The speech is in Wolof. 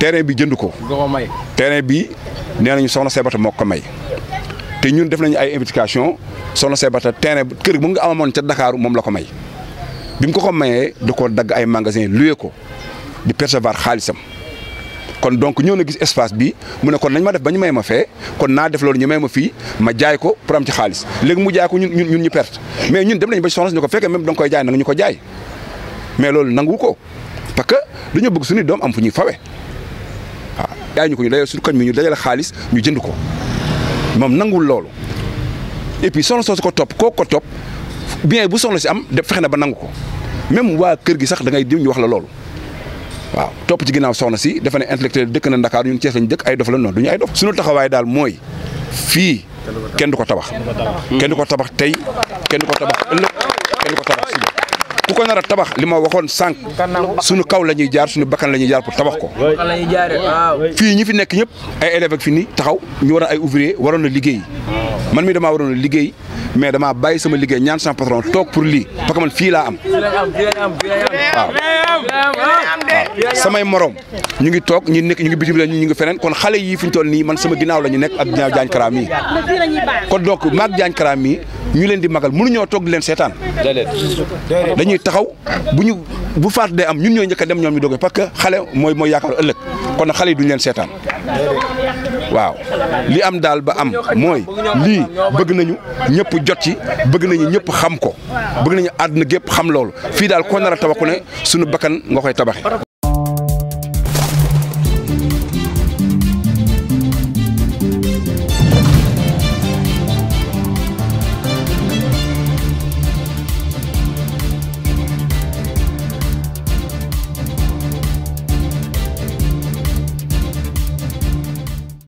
terrain bi jënd ko. may terrain bi nee nañu soxna Sebata moo ko may. te ñun def nañu ay invitation soxna Sebata terrain kër gi mu nga amoon ca Dakar moom la ko may bi mu ko ko mayee da koo dagg ay magasin loué ko di percevoir xaalisam. kon donc ñoo na gis espace bi mu ne kon nañ ma def ba ñu may ma fee kon naa def loolu ñu may ma fii ma jaay ko pour am ci xaalis léegi mu jaay ko ñun ñun ñu perte mais ñun dem nañ ba soxna si ko fekkee même danga koy jaay nanga ñu ko jaay mais loolu nangu ko parce que dañoo bëgg suñu doom am fu ñuy fawe pas yaa ñu ko ñu dajal suñu koñ mi ñu dajale xaalis ñu jënd ko moom nangul loolu et puis soxna soosu ko topp koo ko topp bien bu soxna si am def fexe na ba nangu ko même waa kër gi sax da ngay diw wax la loolu waaw topp ci ginnaaw soxna si dafa ne intellectuel dëkk na Ndakaar ñun Cees lañu dëkk ay dof la noonu du ñu ay dof suñu taxawaay daal mooy fii kenn du ko tabax kenn du ko tabax tey kenn ko tabax ëllëg ku ko nar a tabax li ma waxoon sànq suñu kaw la ñuy jaar suñu bakkan la ñuy jaar pour tabax ko fii ñi fi nekk ñëpp ay élèves ak fi ni taxaw ñu war a ay ouvrier waroon na liggéey man mi dama waroon a liggéey mais damaa bàyyi sama liggéey ñaan sama patron toog pour lii parce que man fii laa am. waaw samay morom ñu ngi toog ñu nekk ñu ngi bitim ñu ngi feneen kon xale yii fi ñu toll nii man sama ginnaaw la ñu nekk ak ginnaaw Diagne yi mii kon donc maag Diagne Kara mii ñu leen di magal mënuñoo toog di leen seetaan. dañuy taxaw bu ñu bu faat day am ñun ñooy njëkk a dem ñoom ñu doge parce que xale mooy mooy yaakaar ëllëg kon nag xale yi duñ leen seetaan waaw li am daal ba am mooy lii bëgg nañu ñëpp jot yi bëgg nañu ñëpp xam ko bëgg nañu àdduna gépp xam loolu fii daal koo nar a tabax ne suñu bakkan nga koy tabaxee.